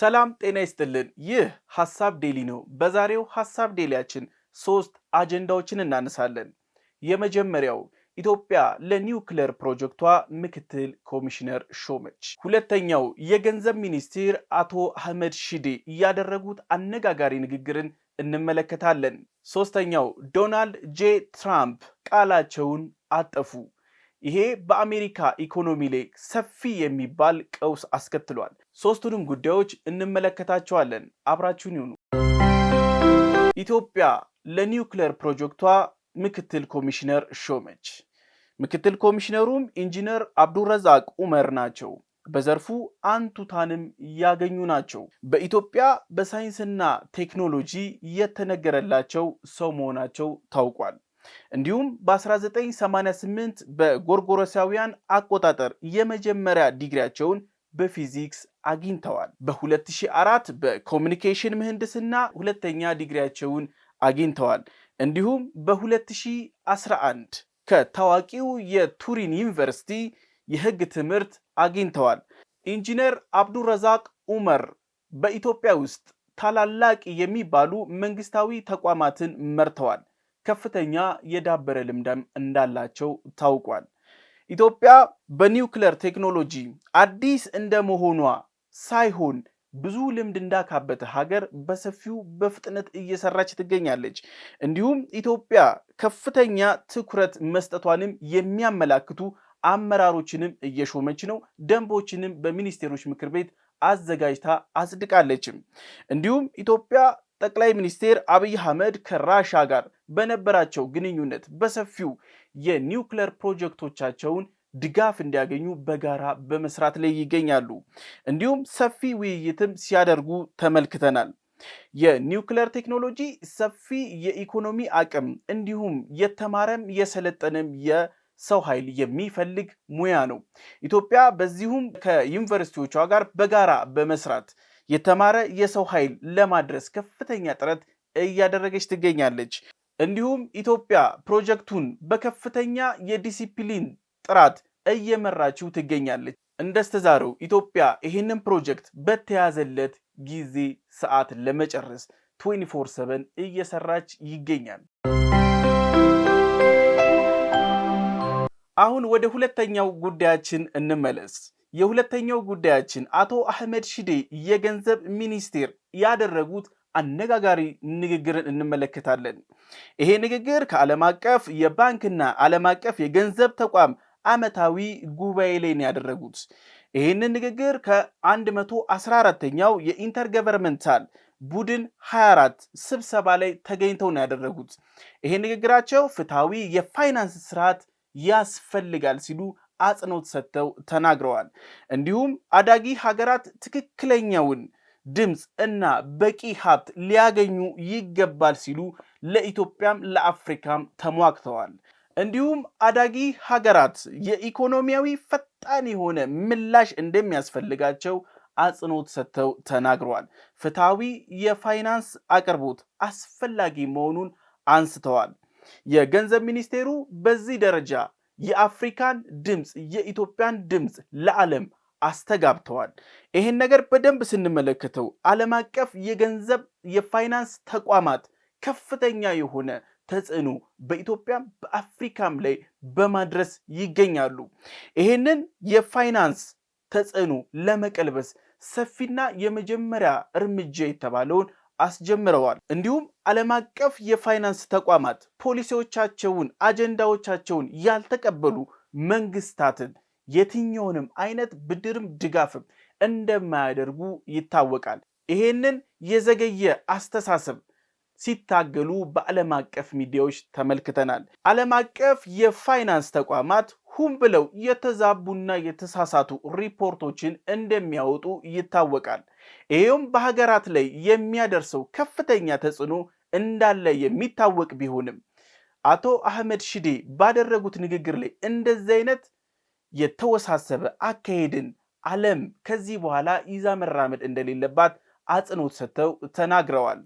ሰላም ጤና ይስጥልን። ይህ ሀሳብ ዴሊ ነው። በዛሬው ሀሳብ ዴሊያችን ሶስት አጀንዳዎችን እናነሳለን። የመጀመሪያው ኢትዮጵያ ለኒውክሌር ፕሮጀክቷ ምክትል ኮሚሽነር ሾመች። ሁለተኛው የገንዘብ ሚኒስትር አቶ አህመድ ሺዴ እያደረጉት አነጋጋሪ ንግግርን እንመለከታለን። ሶስተኛው ዶናልድ ጄ ትራምፕ ቃላቸውን አጠፉ። ይሄ በአሜሪካ ኢኮኖሚ ላይ ሰፊ የሚባል ቀውስ አስከትሏል። ሶስቱንም ጉዳዮች እንመለከታቸዋለን። አብራችሁን ይሁኑ። ኢትዮጵያ ለኒውክሌር ፕሮጀክቷ ምክትል ኮሚሽነር ሾመች። ምክትል ኮሚሽነሩም ኢንጂነር አብዱረዛቅ ኡመር ናቸው። በዘርፉ አንቱታንም ያገኙ ናቸው። በኢትዮጵያ በሳይንስና ቴክኖሎጂ የተነገረላቸው ሰው መሆናቸው ታውቋል። እንዲሁም በ1988 በጎርጎሮሳውያን አቆጣጠር የመጀመሪያ ዲግሪያቸውን በፊዚክስ አግኝተዋል። በ2004 በኮሚኒኬሽን ምህንድስና ሁለተኛ ዲግሪያቸውን አግኝተዋል። እንዲሁም በ2011 ከታዋቂው የቱሪን ዩኒቨርሲቲ የህግ ትምህርት አግኝተዋል። ኢንጂነር አብዱረዛቅ ኡመር በኢትዮጵያ ውስጥ ታላላቅ የሚባሉ መንግስታዊ ተቋማትን መርተዋል። ከፍተኛ የዳበረ ልምድም እንዳላቸው ታውቋል። ኢትዮጵያ በኒውክለር ቴክኖሎጂ አዲስ እንደመሆኗ ሳይሆን ብዙ ልምድ እንዳካበተ ሀገር በሰፊው በፍጥነት እየሰራች ትገኛለች። እንዲሁም ኢትዮጵያ ከፍተኛ ትኩረት መስጠቷንም የሚያመላክቱ አመራሮችንም እየሾመች ነው። ደንቦችንም በሚኒስቴሮች ምክር ቤት አዘጋጅታ አጽድቃለችም። እንዲሁም ኢትዮጵያ ጠቅላይ ሚኒስቴር አብይ አህመድ ከራሻ ጋር በነበራቸው ግንኙነት በሰፊው የኒውክለር ፕሮጀክቶቻቸውን ድጋፍ እንዲያገኙ በጋራ በመስራት ላይ ይገኛሉ። እንዲሁም ሰፊ ውይይትም ሲያደርጉ ተመልክተናል። የኒውክለር ቴክኖሎጂ ሰፊ የኢኮኖሚ አቅም እንዲሁም የተማረም የሰለጠነም የሰው ኃይል የሚፈልግ ሙያ ነው። ኢትዮጵያ በዚሁም ከዩኒቨርሲቲዎቿ ጋር በጋራ በመስራት የተማረ የሰው ኃይል ለማድረስ ከፍተኛ ጥረት እያደረገች ትገኛለች። እንዲሁም ኢትዮጵያ ፕሮጀክቱን በከፍተኛ የዲሲፕሊን ጥራት እየመራችው ትገኛለች። እንደስተዛሬው ኢትዮጵያ ይህንን ፕሮጀክት በተያዘለት ጊዜ ሰዓት ለመጨረስ 24/7 እየሰራች ይገኛል። አሁን ወደ ሁለተኛው ጉዳያችን እንመለስ። የሁለተኛው ጉዳያችን አቶ አህመድ ሺዴ የገንዘብ ሚኒስቴር ያደረጉት አነጋጋሪ ንግግርን እንመለከታለን። ይሄ ንግግር ከዓለም አቀፍ የባንክና ዓለም አቀፍ የገንዘብ ተቋም ዓመታዊ ጉባኤ ላይ ነው ያደረጉት። ይህንን ንግግር ከ114ኛው የኢንተርገቨርንመንታል ቡድን 24 ስብሰባ ላይ ተገኝተው ነው ያደረጉት። ይሄ ንግግራቸው ፍትሐዊ የፋይናንስ ስርዓት ያስፈልጋል ሲሉ አጽንኦት ሰጥተው ተናግረዋል። እንዲሁም አዳጊ ሀገራት ትክክለኛውን ድምፅ እና በቂ ሀብት ሊያገኙ ይገባል ሲሉ ለኢትዮጵያም ለአፍሪካም ተሟግተዋል። እንዲሁም አዳጊ ሀገራት የኢኮኖሚያዊ ፈጣን የሆነ ምላሽ እንደሚያስፈልጋቸው አጽንኦት ሰጥተው ተናግረዋል። ፍትሐዊ የፋይናንስ አቅርቦት አስፈላጊ መሆኑን አንስተዋል። የገንዘብ ሚኒስቴሩ በዚህ ደረጃ የአፍሪካን ድምፅ የኢትዮጵያን ድምፅ ለዓለም አስተጋብተዋል። ይህን ነገር በደንብ ስንመለከተው ዓለም አቀፍ የገንዘብ የፋይናንስ ተቋማት ከፍተኛ የሆነ ተጽዕኖ በኢትዮጵያም በአፍሪካም ላይ በማድረስ ይገኛሉ። ይህንን የፋይናንስ ተጽዕኖ ለመቀልበስ ሰፊና የመጀመሪያ እርምጃ የተባለውን አስጀምረዋል። እንዲሁም ዓለም አቀፍ የፋይናንስ ተቋማት ፖሊሲዎቻቸውን፣ አጀንዳዎቻቸውን ያልተቀበሉ መንግስታትን የትኛውንም አይነት ብድርም ድጋፍም እንደማያደርጉ ይታወቃል። ይሄንን የዘገየ አስተሳሰብ ሲታገሉ በዓለም አቀፍ ሚዲያዎች ተመልክተናል። ዓለም አቀፍ የፋይናንስ ተቋማት ሁም ብለው የተዛቡና የተሳሳቱ ሪፖርቶችን እንደሚያወጡ ይታወቃል። ይሄውም በሀገራት ላይ የሚያደርሰው ከፍተኛ ተጽዕኖ እንዳለ የሚታወቅ ቢሆንም አቶ አህመድ ሽዴ ባደረጉት ንግግር ላይ እንደዚህ አይነት የተወሳሰበ አካሄድን ዓለም ከዚህ በኋላ ይዛ መራመድ እንደሌለባት አጽንኦት ሰጥተው ተናግረዋል።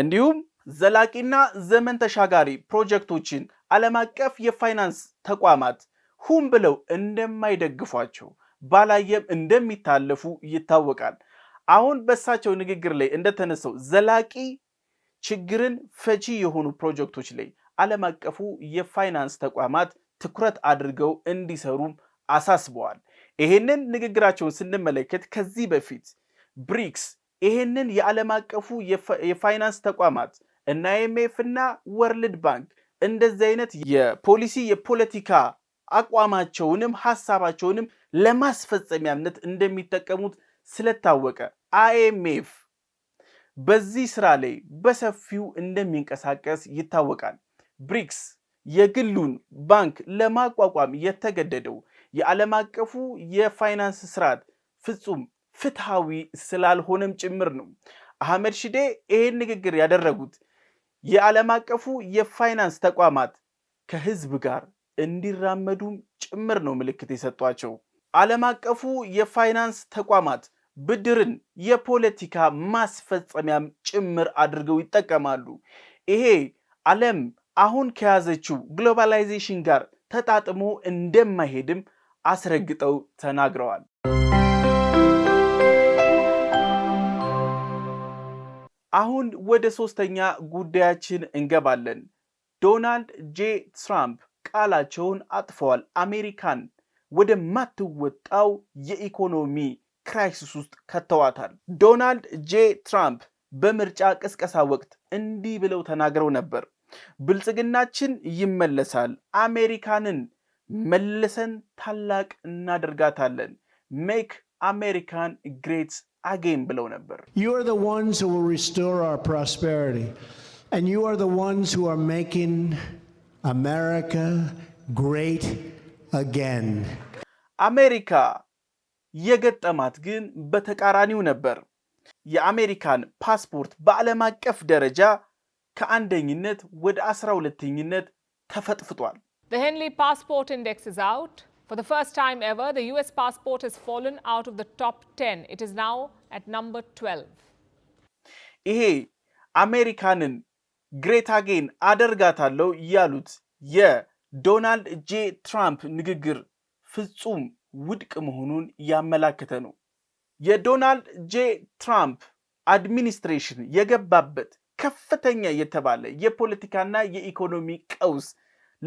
እንዲሁም ዘላቂና ዘመን ተሻጋሪ ፕሮጀክቶችን ዓለም አቀፍ የፋይናንስ ተቋማት ሁም ብለው እንደማይደግፏቸው ባላየም እንደሚታለፉ ይታወቃል። አሁን በእሳቸው ንግግር ላይ እንደተነሳው ዘላቂ ችግርን ፈቺ የሆኑ ፕሮጀክቶች ላይ ዓለም አቀፉ የፋይናንስ ተቋማት ትኩረት አድርገው እንዲሰሩም አሳስበዋል። ይህንን ንግግራቸውን ስንመለከት ከዚህ በፊት ብሪክስ ይህንን የዓለም አቀፉ የፋይናንስ ተቋማት እና አይኤምኤፍ እና ወርልድ ባንክ እንደዚህ አይነት የፖሊሲ የፖለቲካ አቋማቸውንም ሀሳባቸውንም ለማስፈጸሚያነት እንደሚጠቀሙት ስለታወቀ አይኤምኤፍ በዚህ ስራ ላይ በሰፊው እንደሚንቀሳቀስ ይታወቃል። ብሪክስ የግሉን ባንክ ለማቋቋም የተገደደው የዓለም አቀፉ የፋይናንስ ስርዓት ፍጹም ፍትሐዊ ስላልሆነም ጭምር ነው። አህመድ ሽዴ ይህን ንግግር ያደረጉት የዓለም አቀፉ የፋይናንስ ተቋማት ከህዝብ ጋር እንዲራመዱም ጭምር ነው ምልክት የሰጧቸው። ዓለም አቀፉ የፋይናንስ ተቋማት ብድርን የፖለቲካ ማስፈጸሚያም ጭምር አድርገው ይጠቀማሉ። ይሄ ዓለም አሁን ከያዘችው ግሎባላይዜሽን ጋር ተጣጥሞ እንደማይሄድም አስረግጠው ተናግረዋል። አሁን ወደ ሶስተኛ ጉዳያችን እንገባለን። ዶናልድ ጄ ትራምፕ ቃላቸውን አጥፈዋል። አሜሪካን ወደማትወጣው የኢኮኖሚ ክራይሲስ ውስጥ ከተዋታል። ዶናልድ ጄ ትራምፕ በምርጫ ቅስቀሳ ወቅት እንዲህ ብለው ተናግረው ነበር። ብልጽግናችን ይመለሳል፣ አሜሪካንን መልሰን ታላቅ እናደርጋታለን ሜክ አሜሪካን ግሬት አጌን ብለው ነበር። you are the ones who will restore our prosperity and you አሜሪካ የገጠማት ግን በተቃራኒው ነበር። የአሜሪካን ፓስፖርት በዓለም አቀፍ ደረጃ ከአንደኝነት ወደ አስራ ሁለተኝነት ተፈጥፍጧል። The Henley Passport Index is out. For the first time ever, the US passport has fallen out of the top 10. It is now at number 12. ይሄ አሜሪካንን ግሬት አጌን አደርጋታለሁ ያሉት የዶናልድ ጄ ትራምፕ ንግግር ፍጹም ውድቅ መሆኑን እያመላከተ ነው። የዶናልድ ጄ ትራምፕ አድሚኒስትሬሽን የገባበት ከፍተኛ የተባለ የፖለቲካና የኢኮኖሚ ቀውስ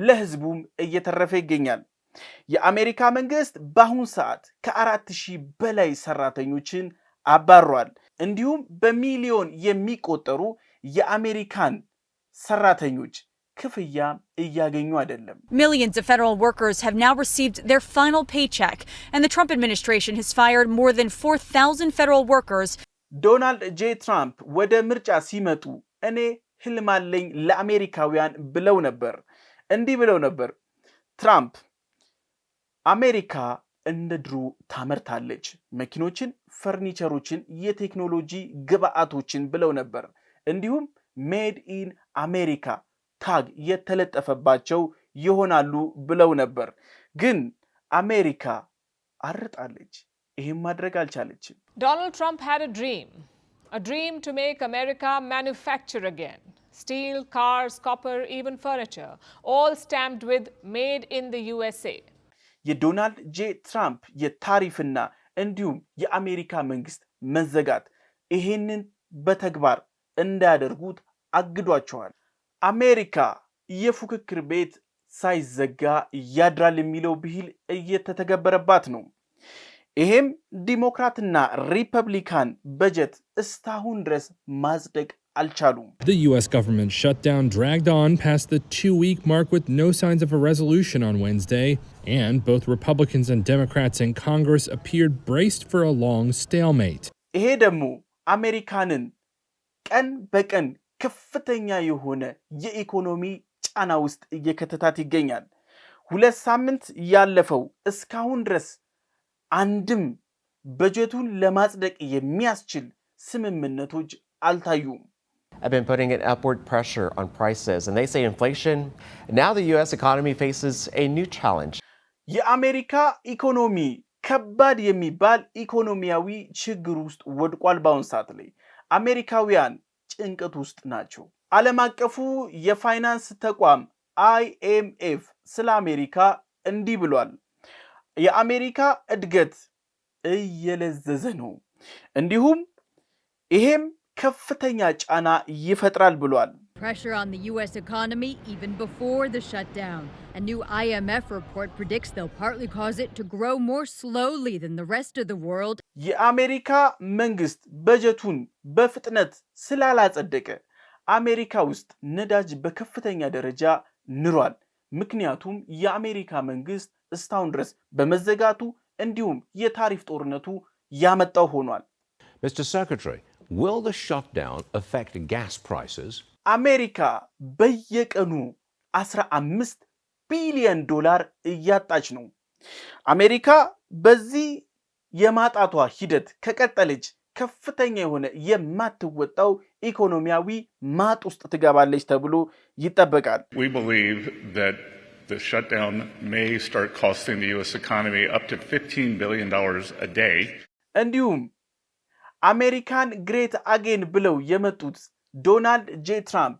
ለህዝቡም እየተረፈ ይገኛል። የአሜሪካ መንግስት በአሁን ሰዓት ከአራት ሺህ በላይ ሰራተኞችን አባሯል። እንዲሁም በሚሊዮን የሚቆጠሩ የአሜሪካን ሰራተኞች ክፍያ እያገኙ አይደለም። Millions of federal workers have now received their final paycheck and the Trump administration has fired more than 4,000 federal workers. ዶናልድ ጄ ትራምፕ ወደ ምርጫ ሲመጡ እኔ ህልማለኝ ለአሜሪካውያን ብለው ነበር። እንዲህ ብለው ነበር ትራምፕ አሜሪካ እንደ ድሮ ታመርታለች፣ መኪኖችን፣ ፈርኒቸሮችን፣ የቴክኖሎጂ ግብአቶችን ብለው ነበር። እንዲሁም ሜድ ኢን አሜሪካ ታግ የተለጠፈባቸው ይሆናሉ ብለው ነበር። ግን አሜሪካ አርጣለች፣ ይህም ማድረግ አልቻለችም። ዶናልድ ትራምፕ ሃድ ድሪም ድሪም ቱ ሜክ አሜሪካ ማኑፋክቸር አገን steel, cars, copper, even furniture, all stamped with made in the USA. የዶናልድ ጄ ትራምፕ የታሪፍና እንዲሁም የአሜሪካ መንግስት መዘጋት ይሄንን በተግባር እንዳያደርጉት አግዷቸዋል። አሜሪካ የፉክክር ቤት ሳይዘጋ ያድራል የሚለው ብሂል እየተተገበረባት ነው። ይሄም ዲሞክራትና ሪፐብሊካን በጀት እስካሁን ድረስ ማጽደቅ አልቻሉም። ይሄ ደግሞ አሜሪካንን ቀን በቀን ከፍተኛ የሆነ የኢኮኖሚ ጫና ውስጥ እየከተታት ይገኛል። ሁለት ሳምንት ያለፈው እስካሁን ድረስ አንድም በጀቱን ለማጽደቅ የሚያስችል ስምምነቶች አልታዩም። have been putting an upward pressure on prices, and they say inflation. Now the U.S. economy faces a new challenge. የአሜሪካ ኢኮኖሚ ከባድ የሚባል ኢኮኖሚያዊ ችግር ውስጥ ወድቋል። በአሁን ሰዓት ላይ አሜሪካውያን ጭንቀት ውስጥ ናቸው። ዓለም አቀፉ የፋይናንስ ተቋም አይኤምኤፍ ስለ አሜሪካ እንዲህ ብሏል። የአሜሪካ እድገት እየለዘዘ ነው። እንዲሁም ይሄም ከፍተኛ ጫና ይፈጥራል ብሏል። Pressure on the U.S. economy even before the shutdown. A new IMF report predicts they'll partly cause it to grow more slowly than the rest of the world. የአሜሪካ መንግስት በጀቱን በፍጥነት ስላላጸደቀ አሜሪካ ውስጥ ነዳጅ በከፍተኛ ደረጃ ንሯል። ምክንያቱም የአሜሪካ መንግስት እስካሁን ድረስ በመዘጋቱ እንዲሁም የታሪፍ ጦርነቱ ያመጣው ሆኗል። Mr. Secretary, will the shutdown affect gas prices? አሜሪካ በየቀኑ 15 ቢሊዮን ዶላር እያጣች ነው። አሜሪካ በዚህ የማጣቷ ሂደት ከቀጠለች ከፍተኛ የሆነ የማትወጣው ኢኮኖሚያዊ ማጥ ውስጥ ትገባለች ተብሎ ይጠበቃል። እንዲሁም አሜሪካን ግሬት አጌን ብለው የመጡት ዶናልድ ጄ ትራምፕ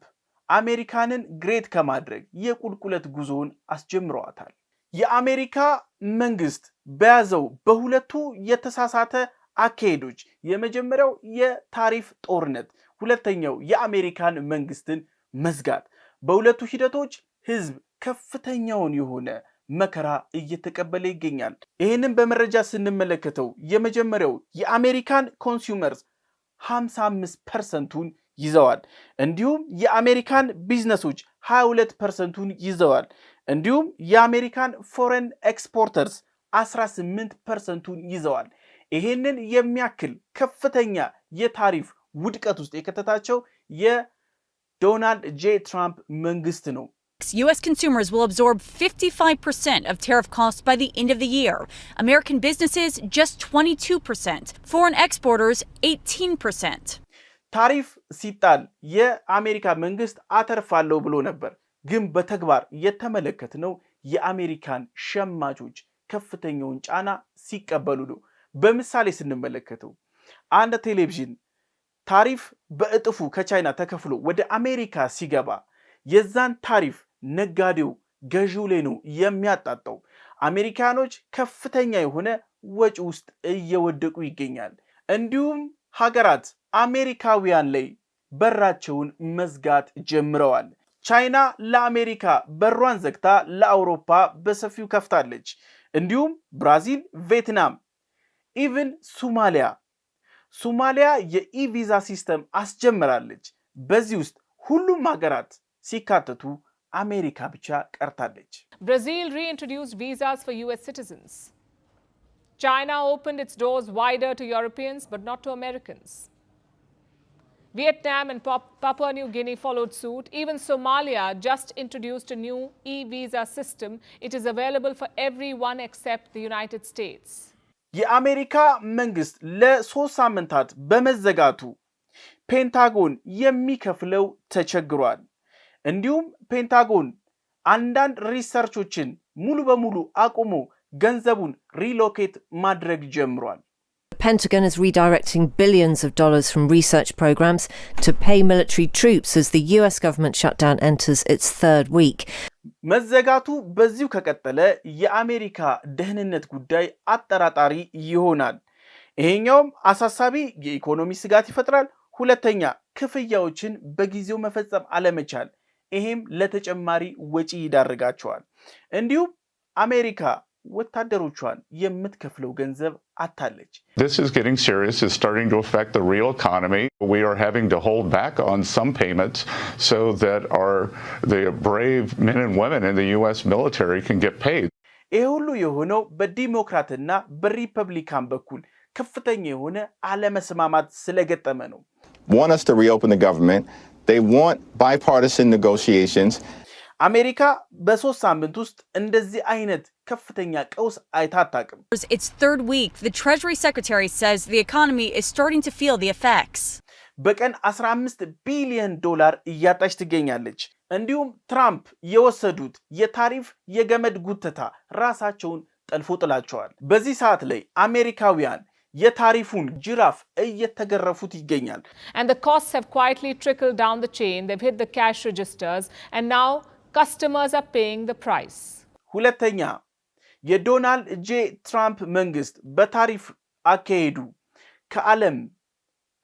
አሜሪካንን ግሬት ከማድረግ የቁልቁለት ጉዞውን አስጀምረዋታል። የአሜሪካ መንግስት በያዘው በሁለቱ የተሳሳተ አካሄዶች የመጀመሪያው የታሪፍ ጦርነት፣ ሁለተኛው የአሜሪካን መንግስትን መዝጋት በሁለቱ ሂደቶች ህዝብ ከፍተኛውን የሆነ መከራ እየተቀበለ ይገኛል። ይህንን በመረጃ ስንመለከተው የመጀመሪያው የአሜሪካን ኮንሱመርስ 55 ፐርሰንቱን ይዘዋል። እንዲሁም የአሜሪካን ቢዝነሶች 22 ፐርሰንቱን ይዘዋል። እንዲሁም የአሜሪካን ፎሬን ኤክስፖርተርስ 18 ፐርሰንቱን ይዘዋል። ይህንን የሚያክል ከፍተኛ የታሪፍ ውድቀት ውስጥ የከተታቸው የዶናልድ ጄ ትራምፕ መንግስት ነው። U.S. consumers will absorb 55% of tariff costs by the end of the year. American businesses, just 22%. Foreign exporters, 18%. ታሪፍ ሲጣል የአሜሪካ መንግስት አተርፋለሁ ብሎ ነበር። ግን በተግባር የተመለከትነው የአሜሪካን ሸማቾች ከፍተኛውን ጫና ሲቀበሉ ነው። በምሳሌ ስንመለከተው አንድ ቴሌቪዥን ታሪፍ በእጥፉ ከቻይና ተከፍሎ ወደ አሜሪካ ሲገባ የዛን ታሪፍ ነጋዴው ገዢው ላይ ነው የሚያጣጣው። አሜሪካኖች ከፍተኛ የሆነ ወጪ ውስጥ እየወደቁ ይገኛል። እንዲሁም ሀገራት አሜሪካውያን ላይ በራቸውን መዝጋት ጀምረዋል። ቻይና ለአሜሪካ በሯን ዘግታ ለአውሮፓ በሰፊው ከፍታለች። እንዲሁም ብራዚል፣ ቪየትናም፣ ኢቭን ሱማሊያ ሱማሊያ የኢቪዛ ሲስተም አስጀምራለች። በዚህ ውስጥ ሁሉም ሀገራት ሲካተቱ አሜሪካ ብቻ ቀርታለች። ብራዚል reintroduced visas for US citizens. China opened its doors wider to Europeans but not to Americans. Vietnam and Papua New Guinea followed suit. Even Somalia just introduced a new e-visa system. It is available for everyone except the United States. የአሜሪካ መንግስት ለሶስት ሳምንታት በመዘጋቱ ፔንታጎን የሚከፍለው ተቸግሯል። እንዲሁም ፔንታጎን አንዳንድ ሪሰርቾችን ሙሉ በሙሉ አቁሞ ገንዘቡን ሪሎኬት ማድረግ ጀምሯል። Pentagon is redirecting billions of dollars from research programs to pay military troops as the US government shutdown enters its third week. መዘጋቱ በዚሁ ከቀጠለ የአሜሪካ ደህንነት ጉዳይ አጠራጣሪ ይሆናል። ይሄኛውም አሳሳቢ የኢኮኖሚ ስጋት ይፈጥራል። ሁለተኛ ክፍያዎችን በጊዜው መፈጸም አለመቻል ይሄም ለተጨማሪ ወጪ ይዳርጋቸዋል። እንዲሁም አሜሪካ ወታደሮቿን የምትከፍለው ገንዘብ አታለች። ይህ ሁሉ የሆነው በዲሞክራትና በሪፐብሊካን በኩል ከፍተኛ የሆነ አለመስማማት ስለገጠመ ነው። they want bipartisan negotiations አሜሪካ በሶስት ሳምንት ውስጥ እንደዚህ አይነት ከፍተኛ ቀውስ አይታ አታውቅም። It's third week. The Treasury Secretary says the economy is starting to feel the effects. በቀን 15 ቢሊዮን ዶላር እያጣች ትገኛለች። እንዲሁም ትራምፕ የወሰዱት የታሪፍ የገመድ ጉተታ ራሳቸውን ጠልፎ ጥላቸዋል። በዚህ ሰዓት ላይ አሜሪካውያን የታሪፉን ጅራፍ እየተገረፉት ይገኛል። ሁለተኛ የዶናልድ ጄ ትራምፕ መንግስት በታሪፍ አካሄዱ ከዓለም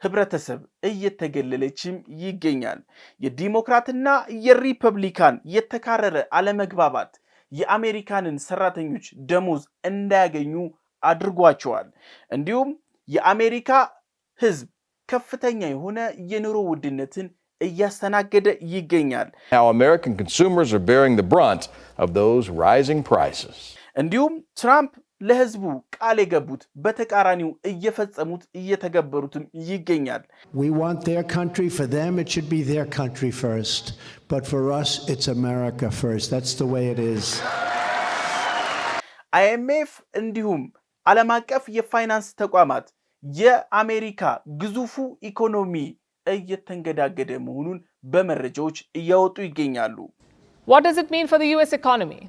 ህብረተሰብ እየተገለለችም ይገኛል። የዲሞክራትና የሪፐብሊካን የተካረረ አለመግባባት የአሜሪካንን ሰራተኞች ደሞዝ እንዳያገኙ አድርጓቸዋል። እንዲሁም የአሜሪካ ህዝብ ከፍተኛ የሆነ የኑሮ ውድነትን እያስተናገደ ይገኛል። እንዲሁም ትራምፕ ለህዝቡ ቃል የገቡት በተቃራኒው እየፈጸሙት እየተገበሩትም ይገኛል። አይኤምኤፍ እንዲሁም ዓለም አቀፍ የፋይናንስ ተቋማት የአሜሪካ ግዙፉ ኢኮኖሚ እየተንገዳገደ መሆኑን በመረጃዎች እያወጡ ይገኛሉ። What does it mean for the US economy?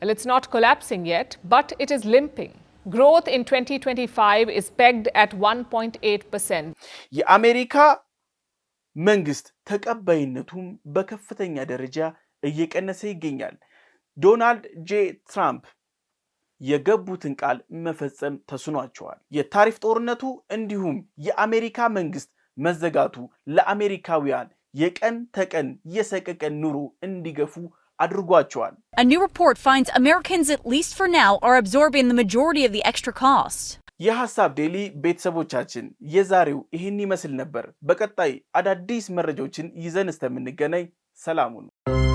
Well, it's not collapsing yet, but it is limping. Growth in 2025 is pegged at 1.8%. የአሜሪካ መንግስት ተቀባይነቱም በከፍተኛ ደረጃ እየቀነሰ ይገኛል። ዶናልድ ጄ ትራምፕ የገቡትን ቃል መፈጸም ተስኗቸዋል። የታሪፍ ጦርነቱ እንዲሁም የአሜሪካ መንግስት መዘጋቱ ለአሜሪካውያን የቀን ተቀን የሰቀቀን ኑሮ እንዲገፉ አድርጓቸዋል። A new report finds Americans at least for now are absorbing the majority of the extra cost. የሐሳብ ዴሊ ቤተሰቦቻችን የዛሬው ይህን ይመስል ነበር። በቀጣይ አዳዲስ መረጃዎችን ይዘን እስከምንገናኝ ሰላሙን